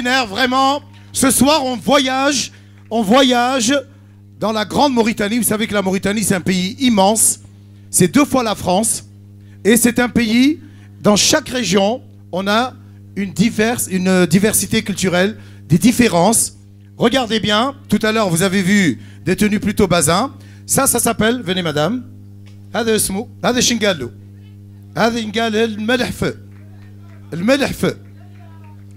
extraordinaire, vraiment. Ce soir, on voyage, dans la Grande Mauritanie. Vous savez que la Mauritanie, c'est un pays immense. C'est deux fois la France. Et c'est chaque région, on une, diversité culturelle, des différences. Regardez bien, tout à l'heure, vous avez vu des tenues plutôt bazin. Ça, s'appelle, venez madame, هذا اسمه هذا شنقال هذا ينقال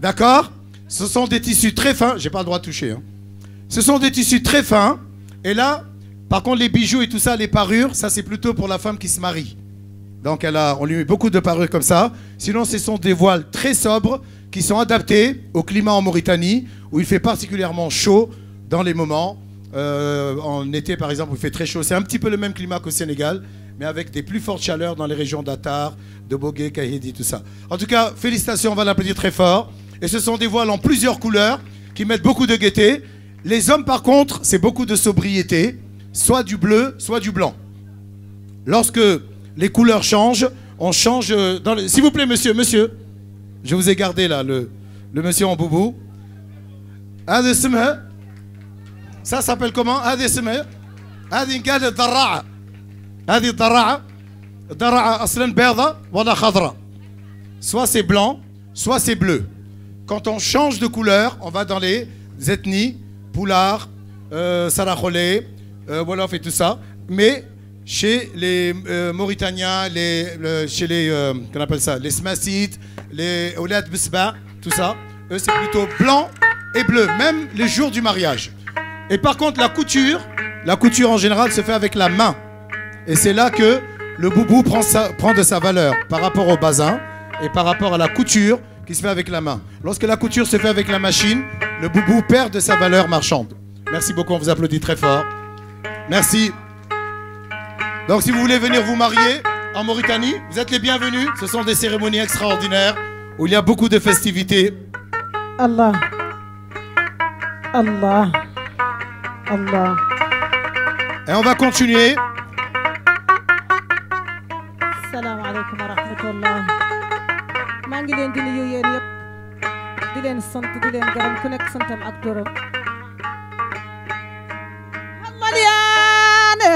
D'accord Ce sont des tissus très fins. J'ai pas le droit de toucher. Hein. Ce sont des tissus très fins. Et là, par contre, les bijoux et tout ça, les parures, c'est plutôt pour la femme qui se marie. Donc on lui beaucoup de parures comme ça. Sinon, ce sont des voiles très sobres qui sont adaptés au climat en Mauritanie, où il fait particulièrement chaud dans les moments. Euh, en été, par exemple, où il fait très chaud. C'est un petit peu le même climat qu'au Sénégal, mais Et ce sont des voiles en plusieurs couleurs qui mettent beaucoup de gaieté. Les hommes, par contre, c'est beaucoup de sobriété, soit du bleu, soit du blanc. Lorsque les couleurs changent, on change. Euh, dans le... S'il vous plaît, monsieur, monsieur, je vous ai gardé là, le, monsieur en boubou. Un ça s'appelle comment هذه اسمها هذه قالت الضراعة هذه الضراعة الضراعة أصلا بيضة ولا خضراء soit c'est blanc soit c'est bleu Quand on change de couleur, on va dans les ethnies, Poulard, euh, euh Wolof et tout ça. Mais chez les euh, Mauritaniens, les, chez les, euh, qu'on appelle ça, les Smassites, les tout ça, c'est plutôt blanc et bleu, même les jours du mariage. Et par contre, la couture, la couture en général se fait avec la main. Et c'est là que le boubou prend, sa, prend de sa valeur par rapport au bazin et par rapport à la couture. qui se fait avec la main. Lorsque la couture se fait avec la machine, le boubou perd de sa valeur marchande. Merci beaucoup, on vous applaudit très fort. Merci. Donc si vous voulez venir vous marier en Mauritanie, vous êtes les bienvenus. Ce sont des cérémonies extraordinaires où il y a beaucoup de festivités. Allah. Allah. Allah. Et on va continuer. Salam alaikum wa rahmatullah. maa ngi leen di nuyu yéen yëpp di leen sant di leen gërëm ku nekk santam ak turam Hamad yaane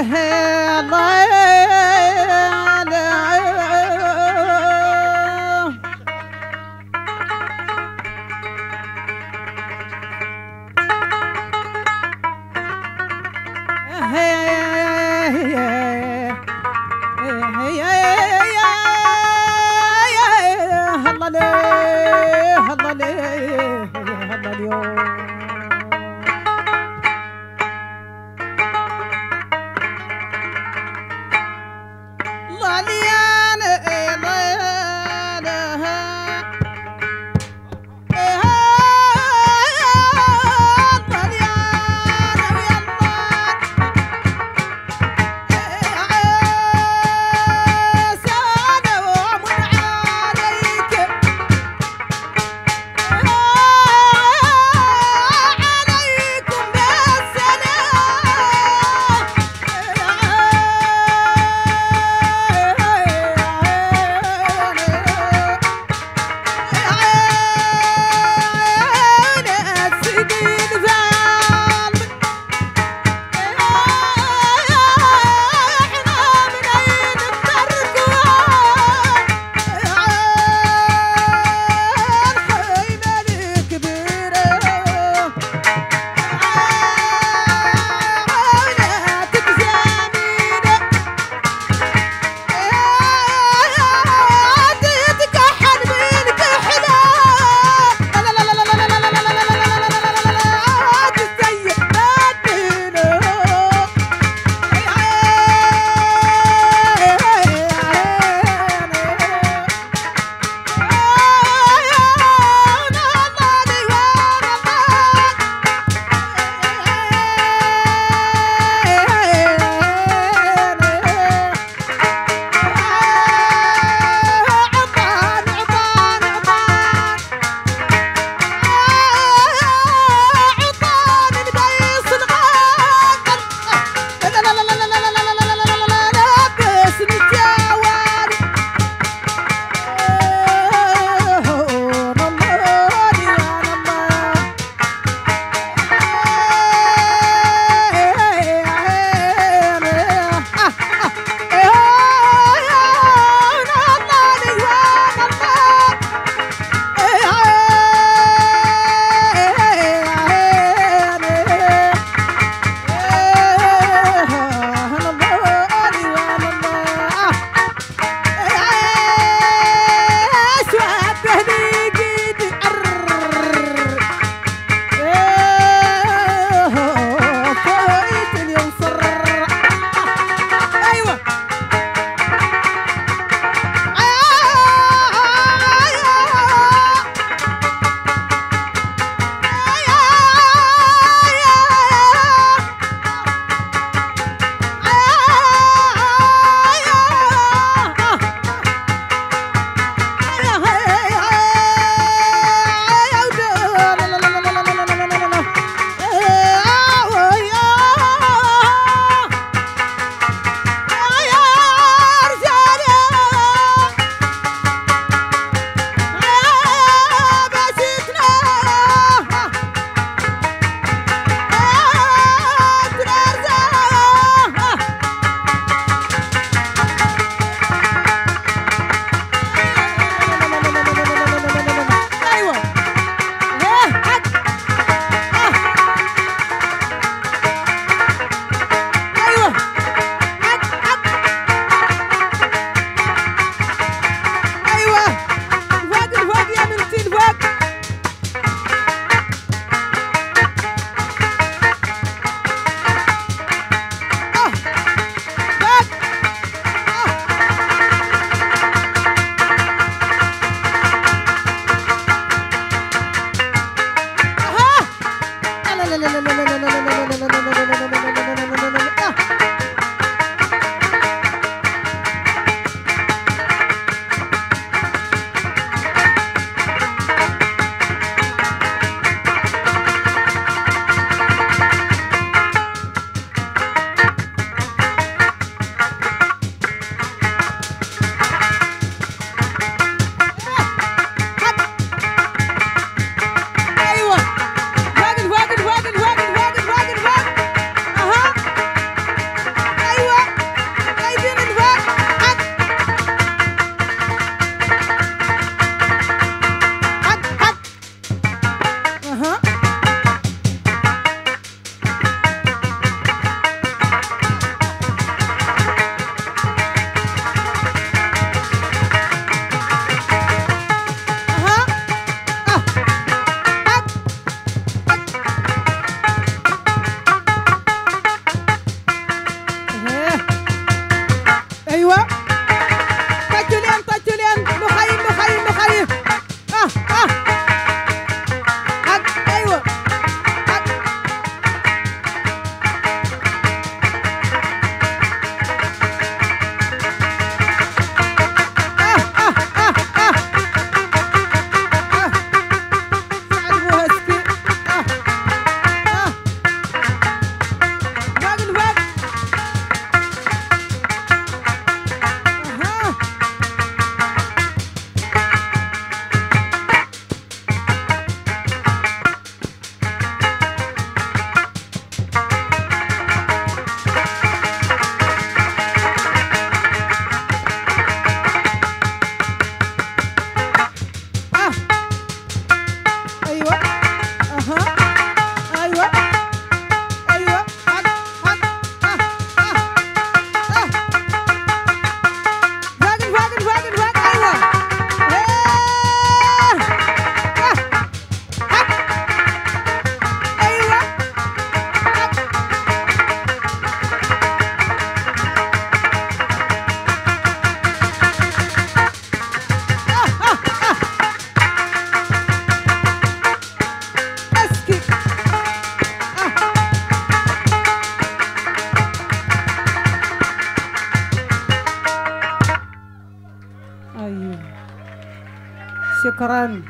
keren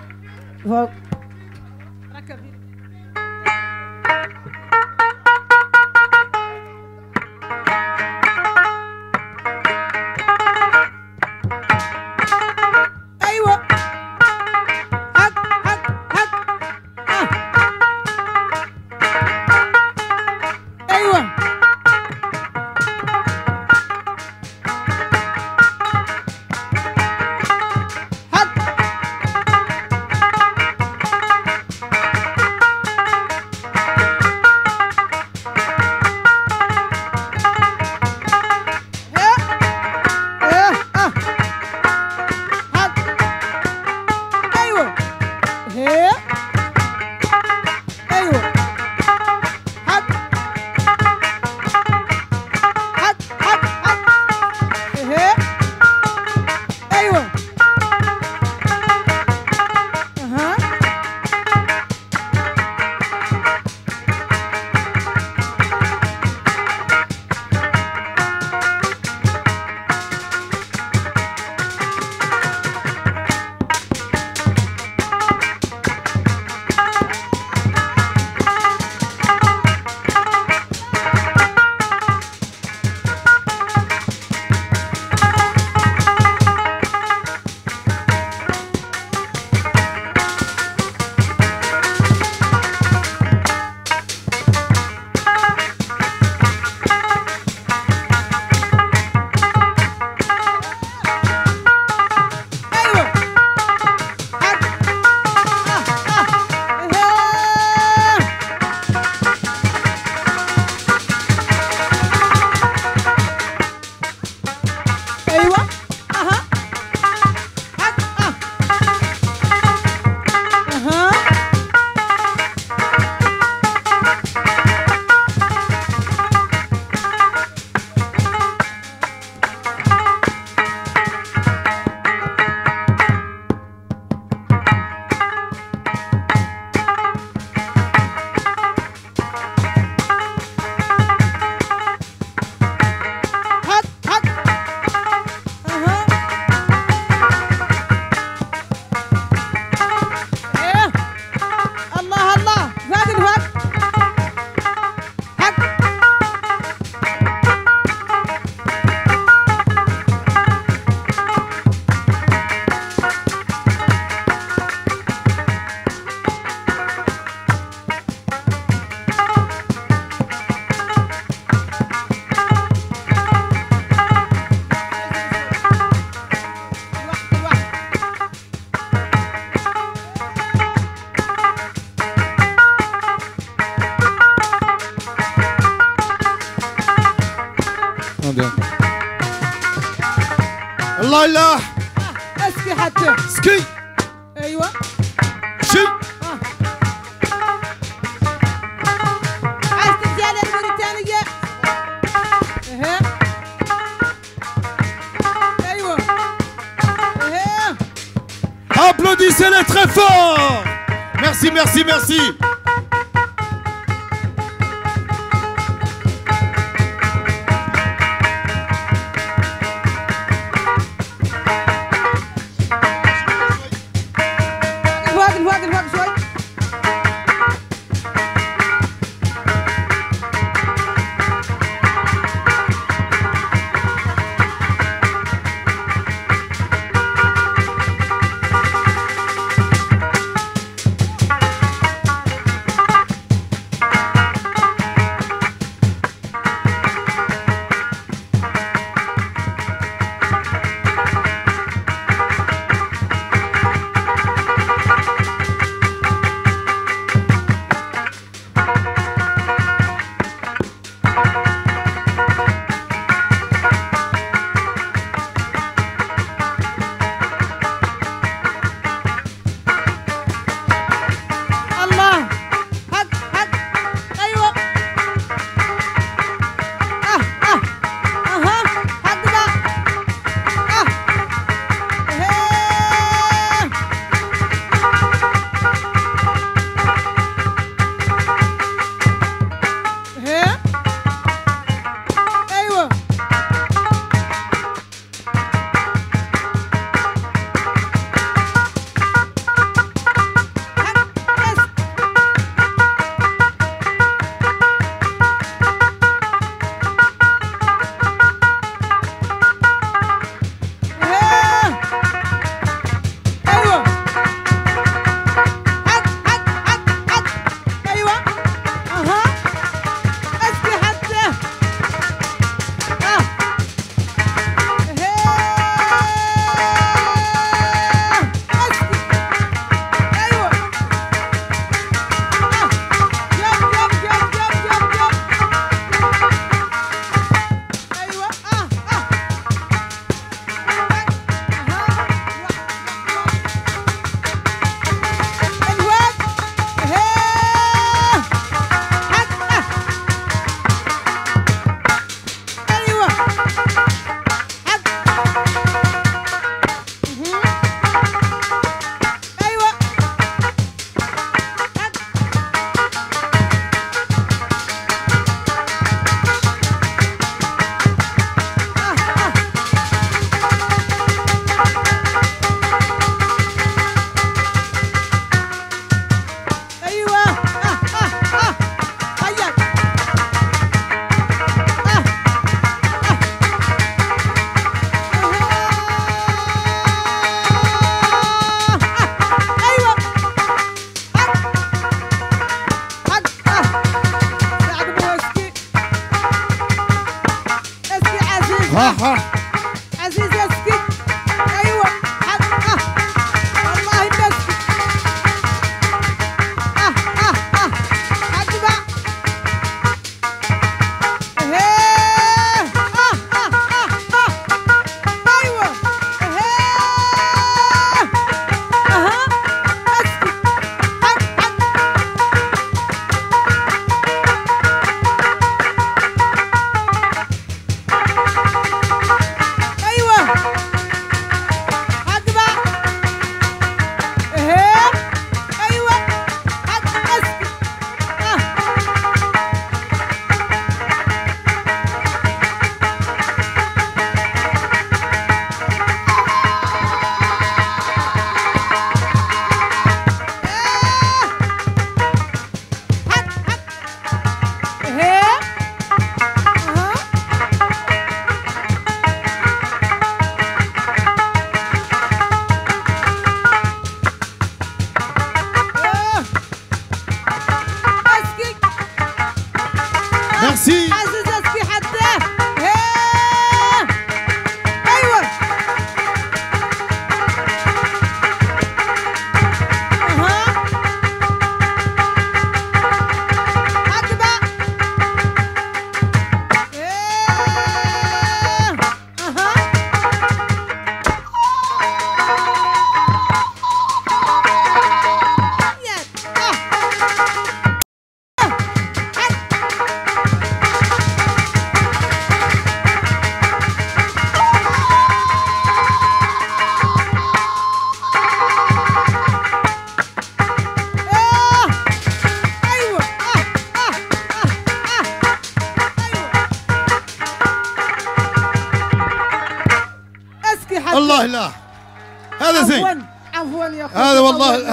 Merci.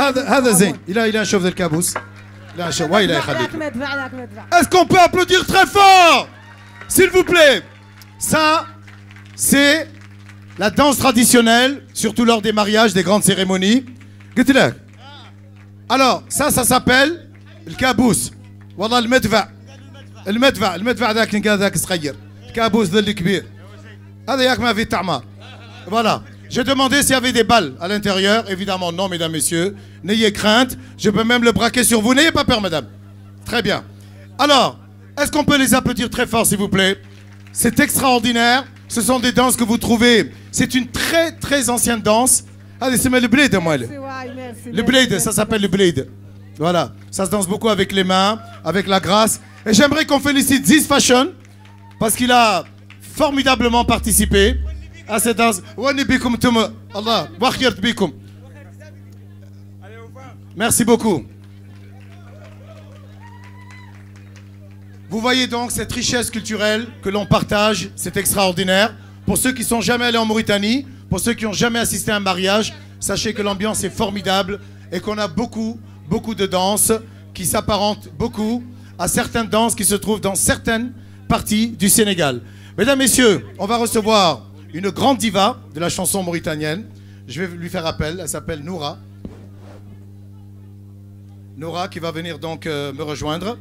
هذا هذا زين الى الى نشوف ذا الكابوس لا شوف ويلي يخليك Est-ce qu'on peut applaudir très fort S'il vous plaît. Ça c'est la danse traditionnelle surtout lors des mariages, des grandes cérémonies. قلت لك. Alors ça ça s'appelle الكابوس. والله المدفع. المدفع المدفع ذاك ذاك صغير. الكابوس ذا الكبير. هذا ياك ما فيه تعمار. Voilà. J'ai demandé s'il y avait des balles à l'intérieur. Évidemment, non, mesdames, messieurs. N'ayez crainte. Je peux même le braquer sur vous. N'ayez pas peur, madame. Très bien. Alors, est-ce qu'on peut les applaudir très fort, s'il vous plaît C'est extraordinaire. Ce sont des danses que vous trouvez. C'est une très, ancienne danse. Allez, c'est le blade, moi. Le blade, ça s'appelle le blade. Voilà. Ça se danse beaucoup avec les mains, avec la grâce. Et j'aimerais أسداز beaucoup. Vous voyez donc cette richesse culturelle que l'on partage, c'est extraordinaire. Pour ceux qui sont jamais allés en Mauritanie, pour ceux qui n'ont jamais assisté à un mariage, sachez que l'ambiance est formidable et qu'on a beaucoup, de danses qui s'apparentent beaucoup à certaines danses qui se trouvent dans certaines parties du Sénégal. Mesdames, Messieurs, on va recevoir une grande diva de la chanson mauritanienne. Je vais lui faire appel, elle s'appelle Noura. Noura qui va venir donc euh, me rejoindre.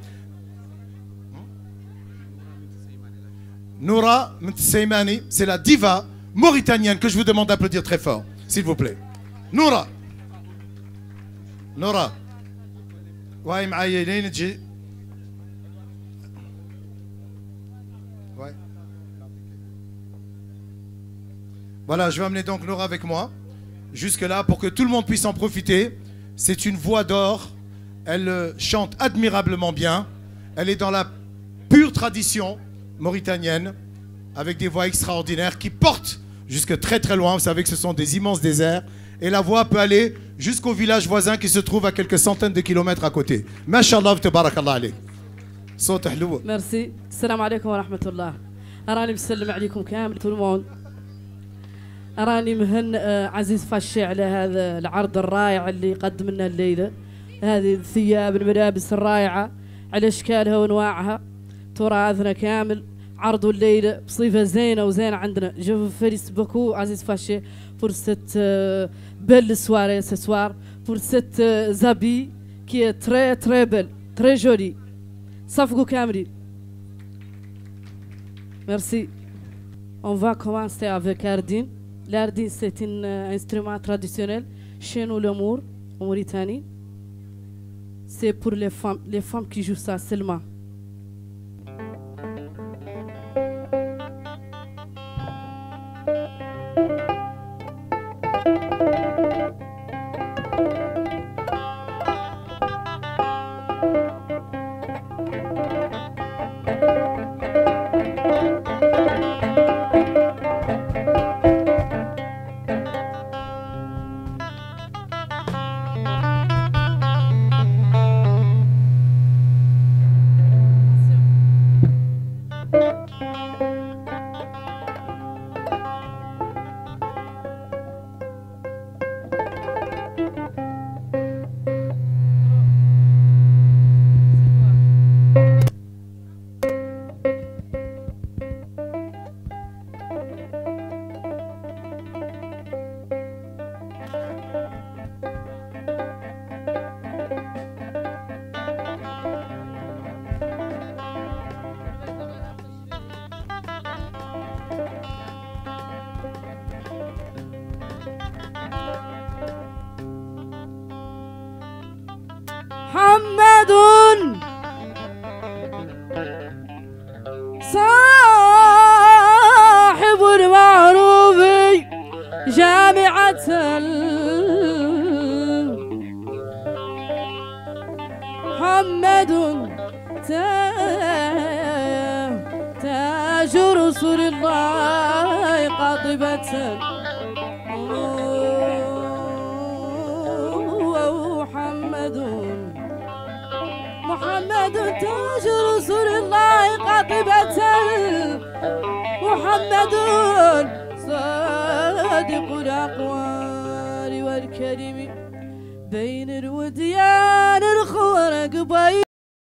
Noura Mtseimani, c'est la diva mauritanienne que je vous demande d'applaudir très fort, s'il vous plaît. Noura Noura Voilà, je vais amener donc Laura avec moi, jusque-là, pour que tout le monde puisse en profiter. C'est une voix d'or, elle euh, chante admirablement bien, elle est dans la pure tradition mauritanienne, avec des voix extraordinaires qui portent jusque très très loin. Vous savez que ce sont des immenses déserts. Et la voix peut aller jusqu'au village voisin qui se trouve à quelques centaines de kilomètres à côté. Mashallah, tabarakallah alayk. صوت حلو. Merci. Salam alaikum راني مهن عزيز فشي على هذا العرض الرائع اللي قدم لنا الليلة هذه الثياب الملابس الرائعة على أشكالها وأنواعها تراثنا كامل عرضوا الليلة بصفة زينة وزينة عندنا جو فريس بكو عزيز فاشي فرصة بل سواري سسوار فرصة زابي كي تري تري بل تري جولي صفقوا كاملين Merci. On va commencer avec Ardine. L'ardi, c'est un euh, instrument traditionnel chez nous, le Mour, en Mauritanie. C'est pour les femmes, les femmes qui jouent ça seulement.